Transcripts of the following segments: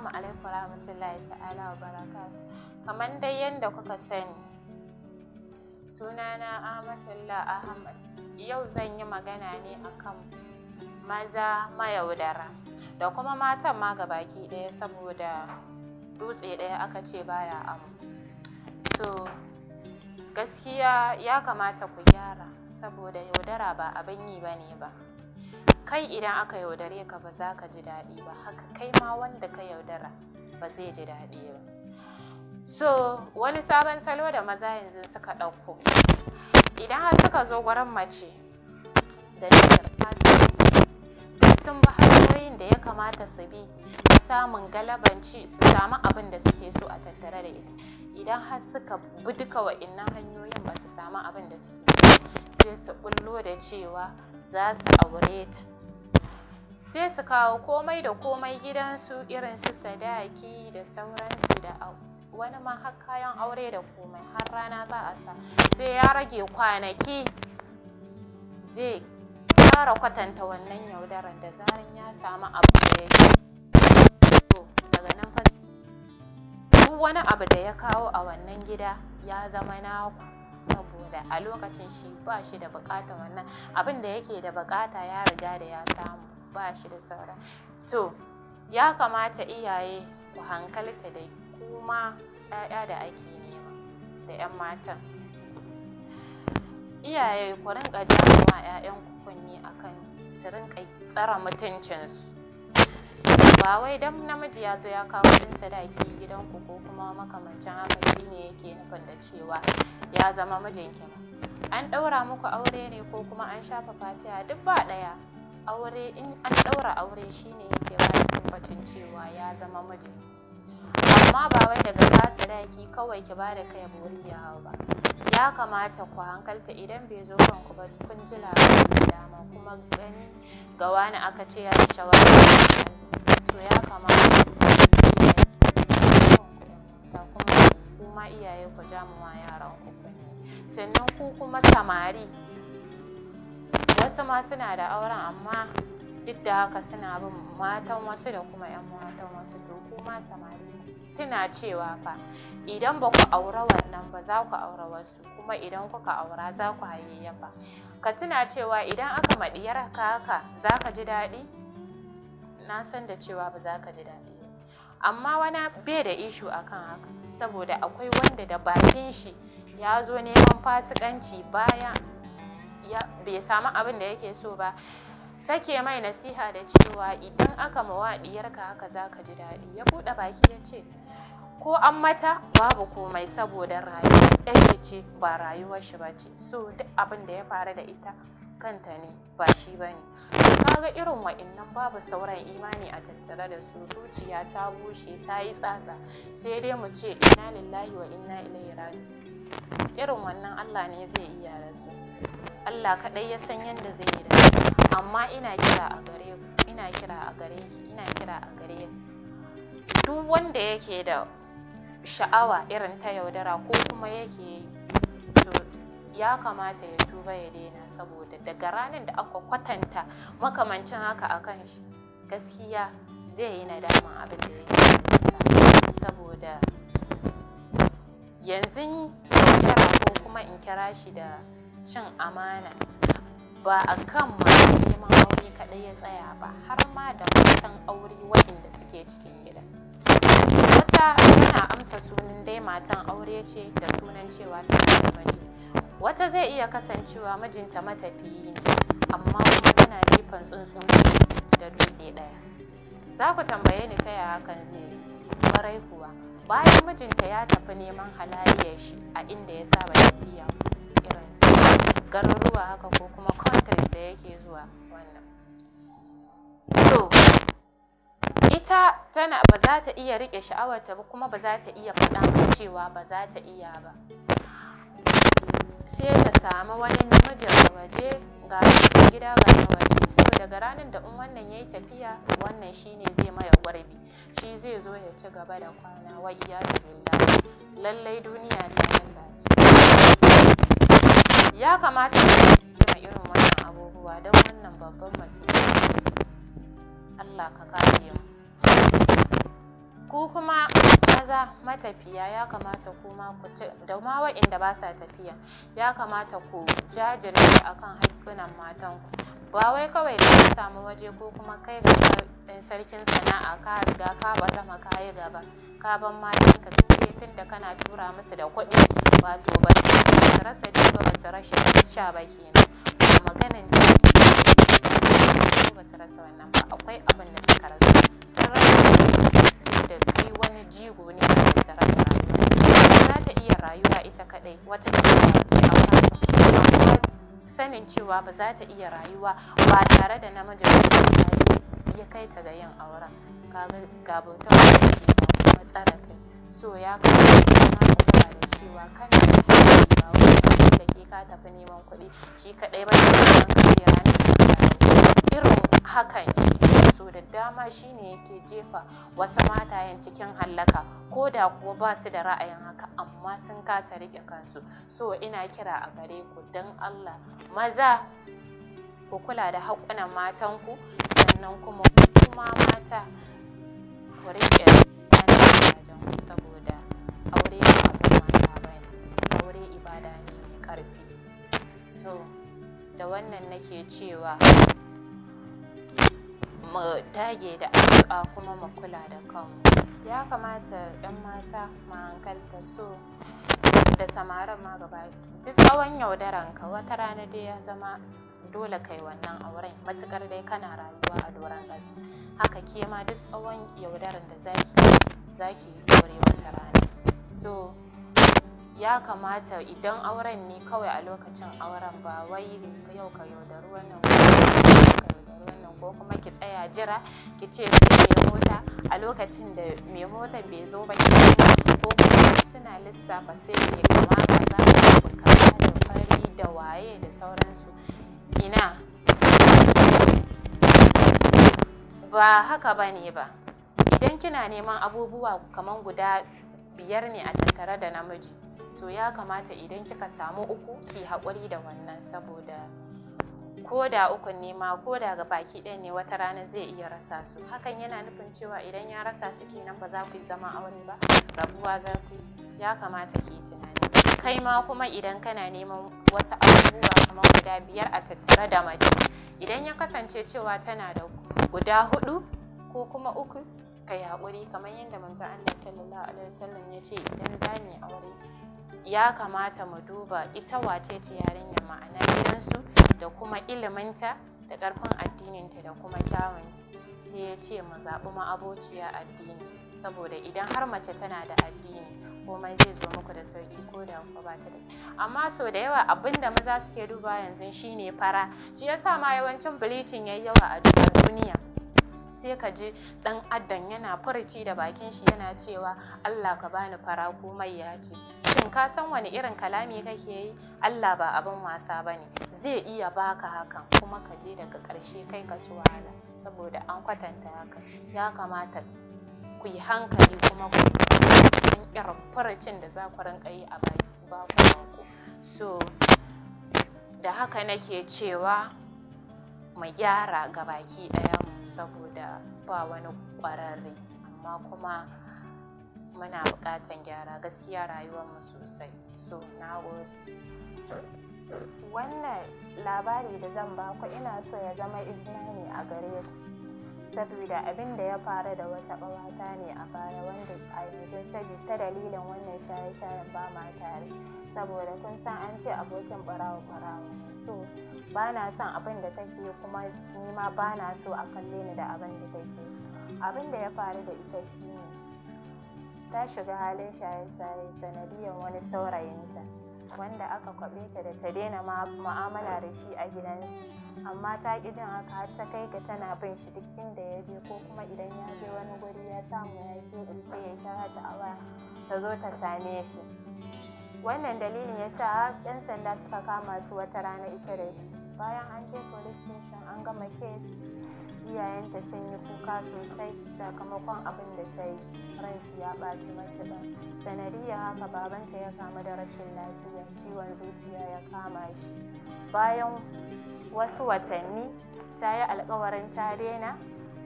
Assalamu alaikum warahmatullahi ta'ala wa barakatuh. Kamar dai yadda kuka sani, sunana Ahmadullah Ahmad. Yau zan yi magana ne akan maza mayaudara da kuma matan ma baki ɗaya saboda dutse ɗaya aka ce baya amu. So, gaskiya ya kamata ku gyara saboda yaudara ba abin yi bane ba. kai idan aka yaudare ka ba za ka ji daɗi ba haka kai ma wanda ka yaudara ba zai ji daɗi ba so wani sabon salo da maza yanzu suka ɗauko idan har suka zo gurin mace da niyyar kasuwanci da sun bi hanyoyin da ya kamata su bi samun galabanci su samu abin da suke so a tattare da ita idan har suka bi duka wa'innan hanyoyin ba su samu abin da suke so sai su ɓullo da cewa za su aure ta sai su kawo komai da komai gidansu irin su sadaki da sauransu da wani ma har kayan aure da komai har rana za a sa sai ya rage kwanaki zai ƙara kwatanta wannan yaudarar da zaran ya samu abu da ya daga nan fa wani abu da ya kawo a wannan gida ya zama naku saboda a lokacin shi ba shi da buƙatar wannan abin da yake da bukata ya riga da ya samu ba shi da saura to ya kamata iyaye ku hankalta dai kuma 'ya'ya da ake nema da 'yan matan iyaye ku rinka jawo ‘ya'yan kunni akan su rinka tsara mutuncinsu ba wai dan namiji ya zo ya kawo ɗin sadaki gidanku ko kuma makamancin haka shine yake nufin da cewa ya zama mijinki ba an ɗaura muku aure ne ko kuma an shafa fatiha duk ba ɗaya aure in an ɗaura aure shine yake ba tabbacin cewa ya zama miji amma ba wai daga tasiraki kawai ki bada kai bori ba ya kamata ku hankalta idan bai zo kanku ba kun ji labarin dama kuma gani ga wani aka ce ya shawara to ya kamata kuma iyaye ku jamuwa yaran ku sannan ku kuma samari wasu ma suna da auren amma duk da haka suna bin matan wasu da kuma 'yan matan wasu to kuma samari tuna cewa fa idan ba ku aura wannan ba za ku aura wasu kuma idan kuka aura za ku ba ka tuna cewa idan aka maɗiyar ka haka za ka ji daɗi na san da cewa ba za ka ji daɗi amma wani bai da ishu akan haka saboda akwai wanda da bakin shi ya zo neman fasikanci bayan bai samu abin da yake so ba take mai nasiha da cewa idan aka mawaɗiyarka haka za ka ji daɗi ya buɗe baki ya ce ko an mata babu komai saboda rayuwar ɗaya ce ba rayuwar shi ba ce so duk abin da ya faru da ita kanta ne ba shi ba ne kaga irin wa'innan babu sauran imani a tattare da su zuciya ta bushe ta yi tsatsa sai dai mu ce inna lillahi wa inna ilaihi raji irin wannan allah ne zai iya rasu Allah kaɗai ya san yadda zai yi da amma ina kira a gare ku ina kira a gare ki ina kira a gare duk wanda yake da sha'awa irin ta yaudara ko kuma yake ya kamata ya tuba ya daina saboda daga ranar da aka kwatanta makamancin haka a kan shi gaskiya zai yi nadaman abin da ya yi saboda yanzu kira ko kuma in kira shi da cin amana ba a kan ma neman aure kaɗai ya tsaya ba har ma da matan aure waɗanda suke cikin gida wata tana amsa sunan dai matan aure ce da sunan cewa ta maji wata zai iya kasancewa mijinta matafiyi ne amma kuma tana jifan tsuntsun da dutse ɗaya za ku tambaye ni ta yaya hakan zai kuwa bayan mijinta ya tafi neman halayyar shi a inda ya saba tafiya garuruwa haka ko kuma countries da yake zuwa wannan so ita tana ba za ta iya riƙe sha'awarta ba kuma ba za ta iya faɗa cewa ba za ta iya ba sai ta samu wani a waje ga gida ga waje so daga ranar da in wannan ya yi tafiya wannan shine zai maya gwarbi shi zai zo ya ci gaba da kwana wa iyyazu billah lallai duniya ne Allah ce ya kamata a irin wannan abubuwa don wannan babban masifa Allah ka kare mu ku kuma maza matafiya ya kamata ku ma ku ci da ma wa'inda ba sa tafiya ya kamata ku jajirce akan haƙƙunan matanku ba wai kawai da ka samu waje ko kuma kai ga sarkin sana'a ka riga ka ba zama ka yi gaba ka ban matanka tun da kana tura musu da kuɗi wato ba su rasa ci ba su rashin sha ba kenan ba maganin ba su rasa wannan ba akwai abin da suka rasa sun rasa da kai wani jigo ne a da su rasa za ta iya rayuwa ita kadai wata da sai sanin cewa ba za ta iya rayuwa ba tare da namijin ya kai ta ga yin auren ga bautar kuma tsara kai so ya kai gane cewa kana ba wai da ke ka tafi neman kuɗi shi kaɗai ba ne ranar irin hakan so da dama shine yake jefa wasu matayen cikin hallaka ko da kuwa ba su da ra'ayin haka amma sun kasa riƙe kansu so ina kira a gare ku don allah maza ku kula da haƙunan matanku sannan kuma kuma mata ku riƙe saboda so da wannan nake cewa mu dage da addu'a kuma mu kula da kanmu. Ya kamata ɗan mata ma hankalta so da samarin ma gaba duk tsawon ka wata rana dai ya zama dole kai wannan auren matukar dai kana rayuwa a doron ƙasa haka ke ma duk tsawon yaudaran da zaki zaki dore wata rana so ya kamata idan auren ne kawai a lokacin auren ba wai yau ka yaudari wannan wannan ko kuma ki tsaya jira ki ce mai mota a lokacin da mai mota bai zo ba ko kuma suna lissafa sai ne kama kaza kaza da fari da waye da sauransu ina ba haka ba ne ba idan kina neman abubuwa kamar guda biyar ne a tattare da namiji to ya kamata idan kika samu uku ki haƙuri da wannan saboda ko da uku ne ma ko da ga baki ɗaya ne wata rana zai iya rasa su hakan yana nufin cewa idan ya rasa su kenan ba za ku yi zama aure ba rabuwa za ku ya kamata ki yi tunani kai ma kuma idan kana neman wasu abubuwa kamar guda biyar a tattare da mace idan ya kasance cewa tana da guda hudu ko kuma uku kai haƙuri kamar yadda manzon Allah sallallahu alaihi wasallam ya ce idan za mu yi aure ya kamata mu duba ita wace ce yarinya ma'ana gidansu da kuma iliminta da ƙarfin addininta da kuma kyawun sai ya ce mu zaɓi ma'abociya addini saboda idan har mace tana da addini komai zai zo muku da sauƙi ko da ku ba ta da amma sau da yawa abinda maza suke duba yanzu shine fara shi yasa ma yawancin bleaching yayi yawa a duniya sai ka ji dan addan yana furici da bakin shi yana cewa Allah ka bani fara komai ya ce shin ka san wani irin kalami kake yi Allah ba abin wasa ba ne zai iya baka hakan kuma ka je daga ƙarshe kai ka ci wahala saboda an kwatanta haka ya kamata ku yi hankali kuma ku irin farcin da za ku rinka yi a bakunanku so da haka nake cewa mu gyara ga baki ɗaya saboda ba wani ƙwararre amma kuma muna buƙatan gyara gaskiya rayuwar mu sosai so na gode wannan labari da zan ba baku ina so ya zama izina ne a gare ku saboda abin da ya faru da wata ƙawata ne a baya wanda a yanzu saboda ta dalilin wannan shaye-shayen ba ma tare saboda kun san an ce abokin barawa barawa so ba na son abin da take kuma nima ma ba na so a kalle ni da abin da take abin da ya faru da ita shine ta shiga halin shaye-shaye sanadiyar wani saurayinta wanda aka kwaɓe ta da ta daina ma'amala da shi a gidansu amma ta ƙi jin haka har ta kai ga tana bin shi duk inda ya je ko kuma idan ya je wani guri ya samu ya je sai ya kira ta awa ta zo ta same shi wannan dalilin ya sa 'yan sanda suka kama su wata rana ita da shi bayan an je police station an gama kes iyayenta sun yi kuka sosai sakamakon abin da ta yi ransu ya ɓaci ba sanadiyar haka babanta ya kamu da rashin lafiya ciwon zuciya ya kama shi bayan wasu watanni ta yi alkawarin ta daina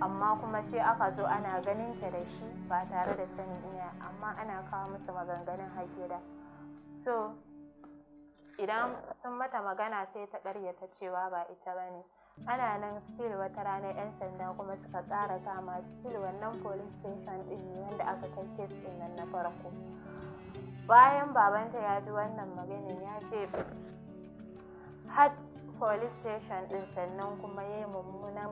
amma kuma sai aka zo ana ganin ta da shi ba tare da sanin iya amma ana kawo musu maganganun hakida so idan sun mata magana sai ta ƙaryata cewa ba ita ba ne ana nan still wata rana 'yan sanda kuma suka tsara kama still wannan police station ɗin ne wanda aka kai kes din nan na farko bayan babanta ya ji wannan maganin ya ce hat police station ɗin sannan kuma ya yi mummunan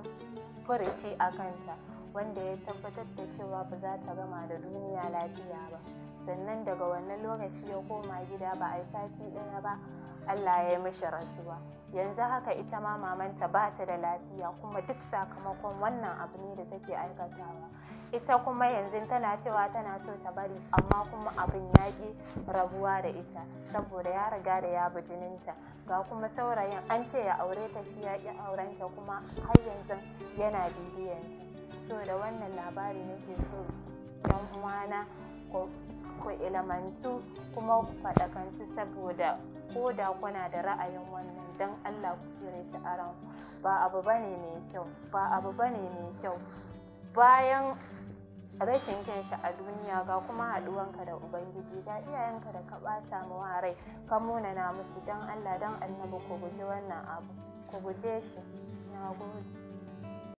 furuci a kanta wanda ya tabbatar da cewa ba za ta gama da duniya lafiya ba sannan daga wannan lokaci ya koma gida ba a yi sati ɗaya ba allah ya yi mishi rasuwa yanzu haka ita ma mamanta ba ta da lafiya kuma duk sakamakon wannan abu ne da take aikatawa ita kuma yanzu tana cewa tana so ta bari amma kuma abin ya ƙi rabuwa da ita saboda ya riga da ya bi jininta ga kuma saurayin an ce ya aure ta shi ya ƙi aurenta kuma har yanzu yana bibiyanta so da wannan labari nake so 'yan uwana ko ku ilimantu kuma ku faɗakantu saboda ko da kuna da ra'ayin wannan don Allah ku cire shi a ranku ba abu ne mai kyau ba abu ne mai kyau bayan rashin kyan a duniya ga kuma haɗuwanka da ubangiji da iyayenka da ka ɓata mawa rai ka munana musu don allah don annabi ku guji wannan abu ku guje shi na gode